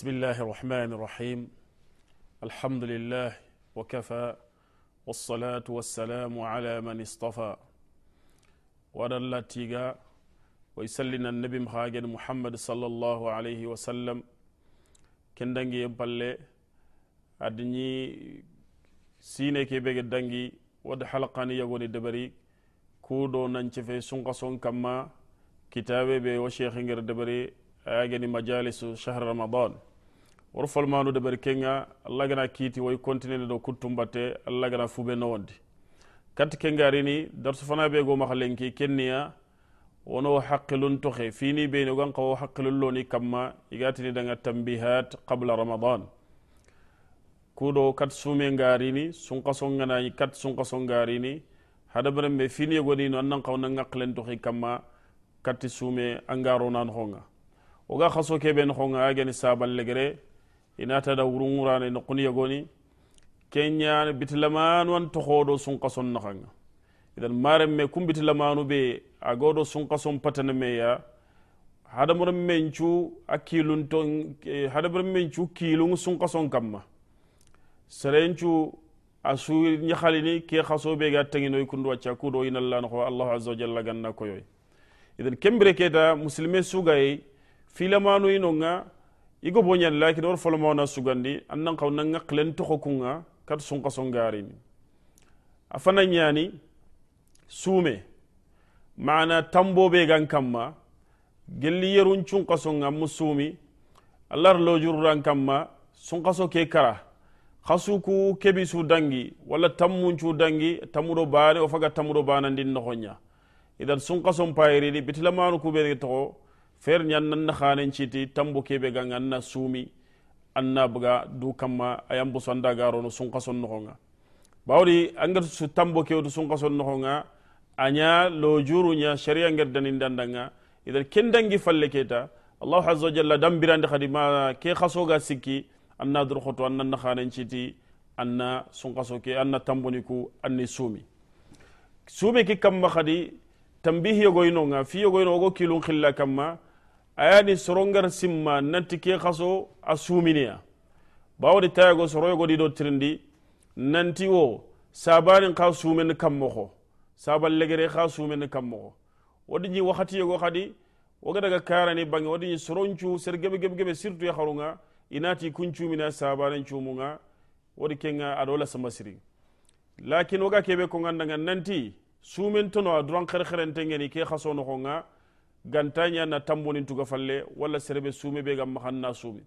بسم الله الرحمن الرحيم الحمد لله وكفى والصلاة والسلام على من اصطفى ودل تيغا ويسلنا النبي مخاجن محمد صلى الله عليه وسلم كندنجي يبالي أدني سيني كي بيغ دنجي ود حلقاني يغوني دبري كودو نانشفي سنقصون كما كتابي بي وشيخ دبري أجني مجالس شهر رمضان wor folmanude ɓeɗe kenga allah gana kiiti woy continue ɗo kuttumbatte allah gana fuɓe nowondi kati kenga rini darso fana ɓe go maha lenki kenniya wono haqqilun toxe fini ɓeyni ogan qawo haqqilun loni kamma igatini danga tambihat qabla ramadan kuɗo kat sume ngarini sunkaso ganayi kat sunkaso ngarini hadamaren ɓe fini yegonino annan qawo nan aqqilen toxi kamma kati sume angaronanoxonga oga xaso keɓe a gani saban legere inata da wurin wurane na kun goni kenya bitilamanu an hodo sun na nakhanga idan maren me kun bitilamanu be a godo sun kason ya meya hadamar mencu a kilun ton hadamar mencu kilun sun kason kamma sarencu asu ñahalini ke xaso be ga tanginoy kundu wacca kudo inallanoxo allahu azza wa jalla ganna koyoyi idan kembire keta su gaye filamanu nonga igo boñal lakin wor folomawna sugandi annan xaw na ŋaqilen toxo kunga kat sunqasongarini a fana ñani suume mana tambobe gan kamma gelli yerun cunqasonga mu suumi allar lojururan kamma sunqaso ke kara xasuku kebi su dangi walla tammuncu dangi tamudo baane o faga tamudo banandin noxoña idan sunqason payiridi bitilamanu kuɓe toxo fer nan na xanen citi tambo kebe ga sumi an anna buga du kamma ayan busanda garono sunka son bawri bawdi anger su tambo sun kaso son noxonga a lo juru ña sharia nger danin dandanga idan ken dangi falle keta allahu azza wa jalla dambirandi xadi ma ke ga sikki anna dur xoto nan na xanen citi anna kaso ke anna tambuni ku anni sumi sumi ki kamma xadi tambihi yogoyinonga fi yogoyino ogo kilun xilla kamma ayani sorongar simma nanti ke kaso a suminiya go tayago soroyogodi do tirindi nanti wo sabanin ka sumeni kammoxo saban legere ka sumeni kammoxo wodi ñi wakati yogo xadi woga daga karani bange wodi ñi soroncu ser gebe gebe gebe surtout ya xarunga inati kuncumina sabanen cumunga wodi kenga aɗo siri lakin woga kebe kongandanga nanti sumen tono a duran xerxerentengeni ke xaso noxonga gantanya na tambonin tuga falle wala serebe sumi be gam mahanna sumi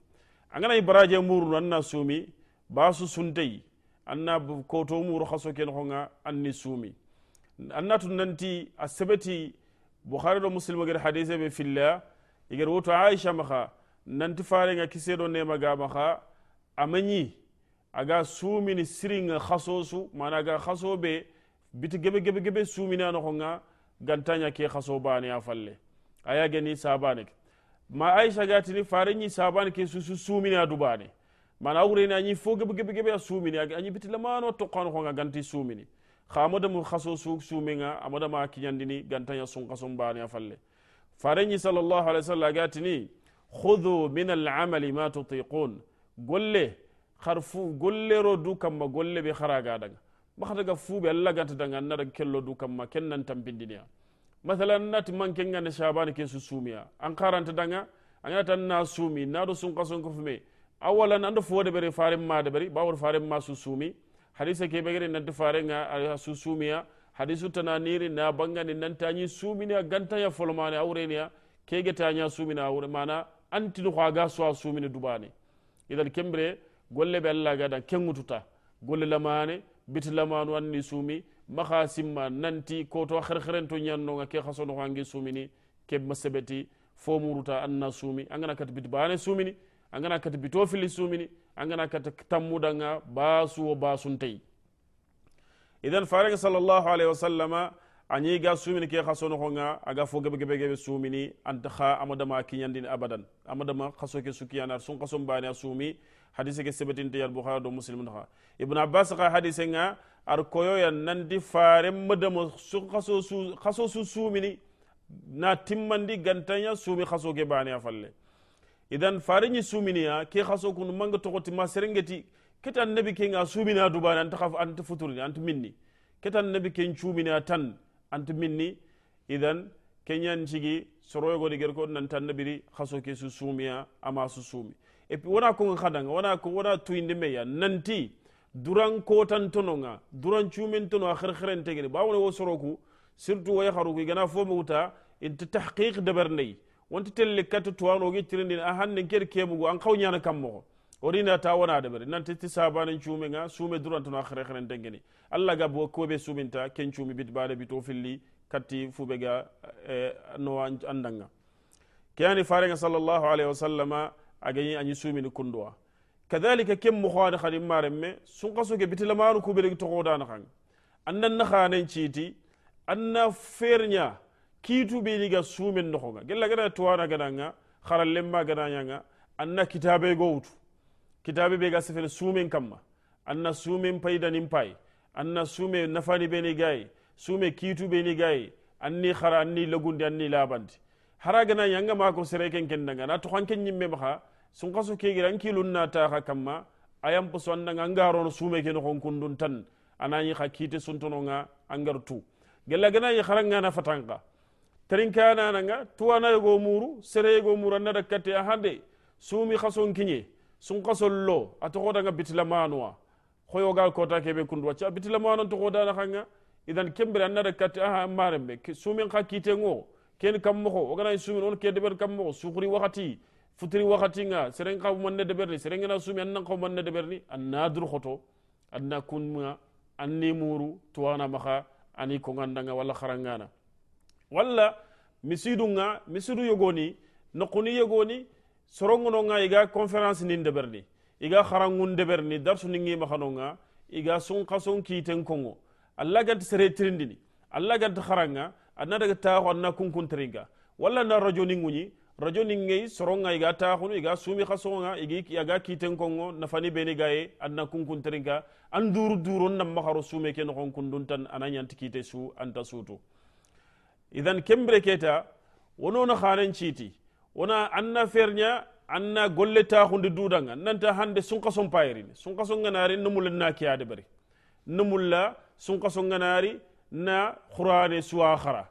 angana ibaraje an anna sumi basu suntei anna koto muru khaso ken khonga anni sumi anna tunanti asabati bukhari do muslim gar hadise be filla igar woto aisha maha nanti farenga kisedo nema ga maha amanyi aga ni siringa khaso su mana ga khaso be biti gebe gebe gebe na no khonga gantanya ke khaso bani afalle falle aya geni sabani ma aisha gatini farenñi ke susu sumini a ne mana wureni anyi fo gibi gibi gibi a sumini añi biti lamano kwan ga ganti sumini xa mu xaso su suminga amadama kiñandini sun sunqason bane a falle farenñi salallahu alaihi wa sallam agatini khudu min alamali ma tutiqun golle kharfu fu gollero du kamma golle ba xaraga danga fu fuɓe allah ganta danga annadaga kello du kamma kenan nan tampindiniya mathalan nati manke na shabani ke su sumiya an karanta danga an yata na sumi na do sun a kufume awalan ando fo da bari farin ma da bari bawor farin ma su sumi hadisa ke begere nan de farin a su sumiya hadisu na niri na bangani nan tanyi sumini a ganta ya folmani aure ya ke ge tanya sumini aure mana antin hwaga su a sumini dubani idan kembre golle be Allah ga kengututa golle lamane bit lamanu anni sumi maxa simma nanti koto xerxerento ñannonga ke xa sonoxoange sumini ke masebeti fo muruta anna sumi angana kat bit bane sumini angana kat bito fili sumini angana kat tammudanga basu wo basuntey idan farenga sallallahu alaihi wasallama anyi ga sumini ke xaso nga aga fo gebe gebe gebe sumini anta xa amadama kiñandini abadan amadama xaso ke sukiyanar sun xaso mbane a sumi hadise ke sebetinte yal bukhari do muslim naxa ibn abbas xa hadise nga ar koyoyan nandi faremmudamo haso su sumini na timmandi gantanya sumi haso ke bane a falle idan sumini suminiya ke haso kunu manga togoti ma serengeti ketan nabi ke nga sumini a dubani anta haf anta futurini anta minni ketan nabi ken cumini a tan an anta minni idan kenyan cigi soroyogodi ger ko nan tan nabiri haso ke su sumiya ma su sumi et puis wona ko hadanga wona ko wona me ya nanti duran kotan tono nga duran cumin tono a xerxeren tegeni bawone wo soroku surtout wai yaxaruku gana fo in ta tahqiq ta wonti telle katta tuwanogi tirindin a hannen ker kemugu an xaw ñana kam moxo orina ta nan debere ta ti sabanen cumin nga sume duran tono a xerxeren tegeni allah ga bo kobe suminta ken cumi bit bade bito filli katti fube ga e, nowa andanga keyani farenga sallallahu alaihi wasallama agañi anyi sumini kunduwa kadhalika kem mukhani khadim maremme sun kaso ke bitilamanu kubere togodana khan annan na khanen chiti anna fernya kitu be liga sumen no khonga gella gada tuwana gada nga kharalle ma gada nga anna kitabe go utu kitabe be ga sefel sumen kamma anna sumen payda nim pay anna sume nafani be ni gay sume kitu be ni gay anni khara anni lagundi anni labandi hara gana yanga ma ko sere ken ken nga na to khan ken nyimme ma sun kasu ke gidan kilun na ta a ha kamma ayam puson na ngaro sume ke no kundun tan yi anani hakite suntono nga gartu gella gina yi haranga na fatanka tarinka na nanga na yago muru sere yago muru na a dakate su mi kaso kinye sun ta atokoda nga bitila manuwa khoyo ga kota kundu wacce a bitila manuwa ta koda na hanga idan kembere na dakate aha marembe sumi hakite ngo ken kammo ko ogana sumi on kedebe kammo kuri wakati futuri futiri wakatinga seren kaw manne deberni seren gena sumi annan kaw manne deberni anna dur khoto anna kunma anni muru tuwana maha ani nga wala kharangana misidu nga misidu yogoni kuni yogoni sorongononga iga conférence nin deberni iga kharangun deberni darsu ningi mahanonga iga sunka ki ten kongo allah ganti sere tirindini allah ganti kharanga anna daga taxo anna kunkunteringa wala na ni ngunyi. radio soro ngey soronga iga taxunu iga sumi xa nga igi aga kiten kongo nafani beni gaye kunkun kunkunterinka an duru duro namma sume ke noxon kundun tan ana ñanti kite su anta sutu idan kembre keta na xanen citi wona anna an anna golle taxundi dudanga nanta hande sunkason payirini sunkasonganari numul na keyade bari numulla sunkasonganari na xurane suwa xara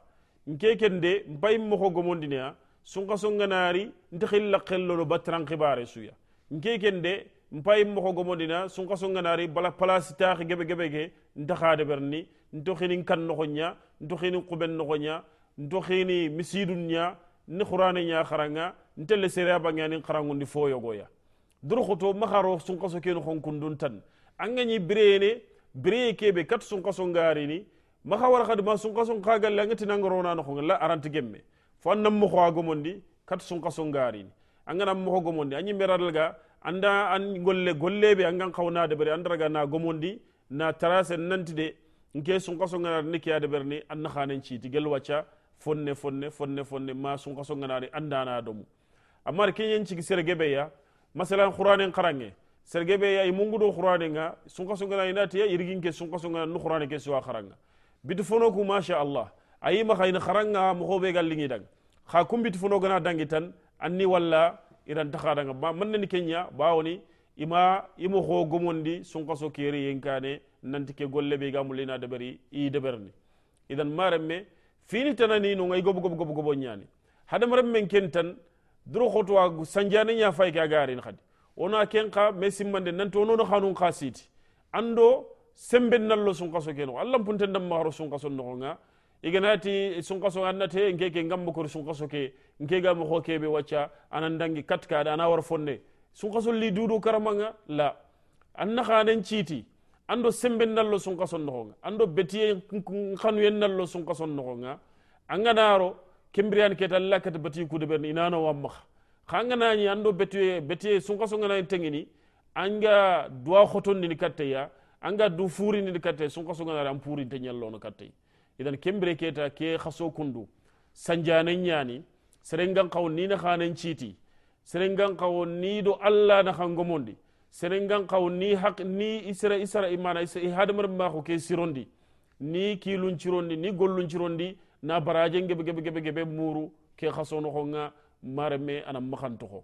nkeken de mbay moxo gomondinia Sun sun songanari nti xilla xellolo batran xibare suya nke sun de mpayi moxo gomodina sun ganari bala palasi taxi gebe gebe ke nta xade berni nto xinin kan noxo nto xinin xuben noxo nto xini misidun ña ni xurane ña xaranga nte le sere ni xarangundi fo yogoya dur xuto sun ka so kenu xonkundun tan angañi bireyene bireye kebe kat sunka songarini maxa wara xadima ka son xa galle angatinangarona noxonga la aranti gemme fannan a xoa gomondi kat sunka songarini anganam moxo gomondi añi meral ga anda an golle an golleɓe angan bari ɓere andaraga na gomondi na tarase de nke sunka ngari ne keyade an anna ci ti gel wacha fonne fonne fonne fonne ma sunka songanade andana domu amma ci keñen gebe ya masalan xuranen gebe ya yi mungudo xuranenga sunka songana inatiya yirginke sunka ngari nu xurane ke suwa xaranga bitu fono ku allah. ayi ma khayna kharanga mo hobe gallingi dag kha kumbiti funo gana dangi tan anni walla iran takhadanga ma manni kenya bawoni ima imo ho gomondi sunqa so keri yenkane nanti ke golle be gamulina debari i deberni idan maremme fini tanani no ngay gobo gobo gobo gobo nyani hadam tan duru duro wa sanjani nya fay ka garin khadi ona ken ka mesimmande nanti onono khanun khasiti ando sembe nallo sunqa so keno allah puntendam dam maharo sunqa so no iganati sunkaso te nke ke ngam sun sunkaso ke nke ga mo be wacca anan dangi katka ka da na war fonne sunkaso li dudu karamanga la anna khanen chiti ando sembe nallo sunkaso nga ando betiye khanu yen nallo sunkaso nohonga anganaro kembrian ke talla kat beti ku de ben inano wamma khangana ni ando betiye betiye sunkaso ngana tengini anga duwa khoton ni katte ya anga du furi ni katte sunkaso ngana ram furi te nyallo no katte idan kembire keta ke haso kundu sanjanen yani serengan kawo ni na khanen citi siringan kawunni ni do allah na hango mundi siringan kawunni ni ni isra isra imana isa ihadmar ma ko ke sirondi ni kilun cirondi ni gollun cirondi na baraje gebe gebe gebe gebe muru ke haso no khonga marame anan makhanto ko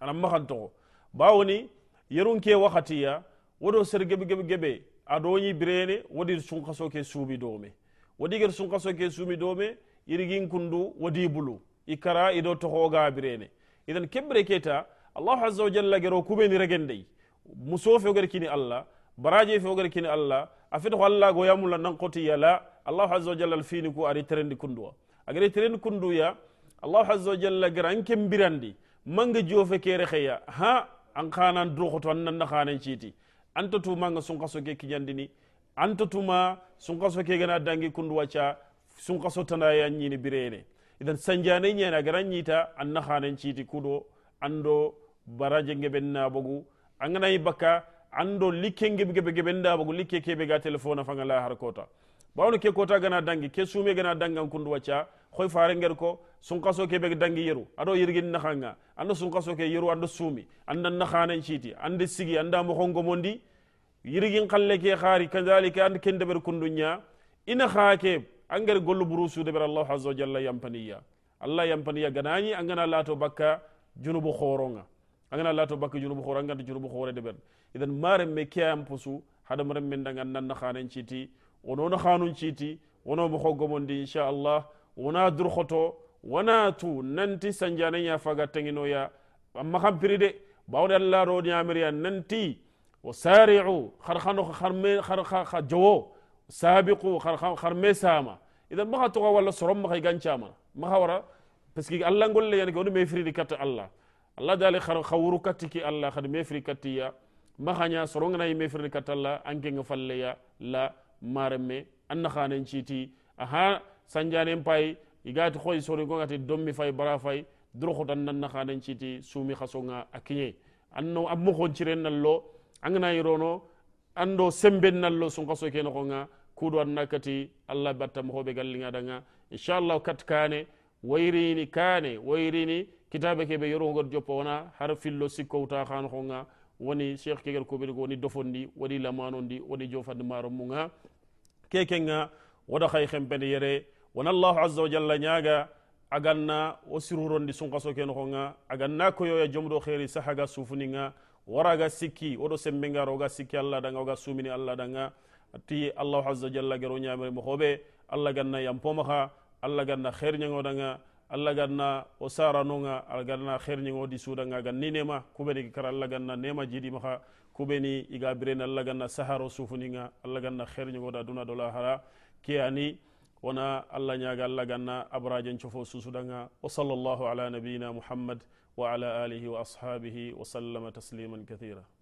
anan makhanto ko bawoni yerun ke wakatiya wodo ser gebe gebe gebe adoñi birene sun haso ke do dome wodi sun kaso ke sumi dome irgin kundu wodi bulu ikara ido tohoga birene idan kebre keta allah azza wa jalla gero ni regendey muso fe fewoger kini allah baraje fewoger kini allah afit walla go go nan nankoti yala allah azza wa jalla Fini ku ari terendi kunduwa agari kundu ya allah azza wa jalla gera anke mbirandi manga jofe kere khaya ha an khanan duroxoto an nanna citi ciiti anta tu sun kaso ke kiñandini anta tuma kaso ke gana dangi kundu wacha kaso tana ya ñini birene idan sanjane na gara ñita an ci citi kudo ando baraje ngeɓen nabogu a ganayi bakka ando likke ngeɓgeɓe geɓen nabogu likke keɓe ga telefona a fanga la har kota bawno ke kota gana dangi ke sume gana dangan kundu wacca hoy fare nger ko sunkaso ke ɓe dangi yeru aɗo yirgin nahanga ando kaso ke yeru ando suumi anda nahanen citi anda sigi anda mohongo mondi yirigin kalle ke khari kadhalika and ken deber kundunya ina khake angere gollu burusu deber allah azza wa jalla yampaniya allah yampaniya ganani angana lato bakka junubu khoronga angana lato bakka junubu khoro angana junubu khore deber idan mare me kiyam pusu hada mare men dangan nan na khanen citi wono na khanun citi wono mo khoggo di insha allah wona dur khoto wona tu nanti sanjanan ya faga tengino ya amma kam piride bawde allah ro nyamiriya nanti وسارعوا خرخانو خرمي خرخا خجو سابقوا خرخا خرمي ساما اذا ما تو ولا سرم ما كان شاما ما ورا بس كي الله نقول لي يعني ما يفري كات الله الله دالي خر خورو كاتيكي الله خد ما ميفري كاتيا ما خانيا سرونغنا يفري كات الله انكي نفليا لا مارمي ان khanen chiti اها sanjane mpai igati khoy sori ko gati dommi fay bara fay duro khotan nan na سومي chiti sumi انو akinye anno ammo khon angana yirono ando semben nallo kaso ke noxonga kudo anna kati allah batta moxoɓe gallinga danga inshallah kat kane wayrini kane wayrini kitabe keɓe yorogod joppa wona har fillo sikkowta xanoxonga woni cheikh be go woni dofondi woni lamanondi woni jofandi maro muga kekenga wada xay xempene yere wona allahu azza wa jalla ñaga aganna wo sirurondi sunkaso ke noxonga aganna koyoya jomdo xeeri sahaga sufuninga wara ga sikki sembe sembengaro oga sikki allah danga oga sumini allah danga ti allah aza jalla gero ñamere mo hobe allah ganna yampomaha allah ganna daga allah ganna o nga al ganna nyango di sudanga ni nema kubeni kara allah ganna nema jiɗimaha kubeni iga bireni allah ganna saharo nga allah ganna da duna dola hara ke ani wana allah nyaga allah ganna abarajen cofo susudanga wa sallallahu ala nabina muhammad وعلى آله وأصحابه وسلم تسليما كثيرا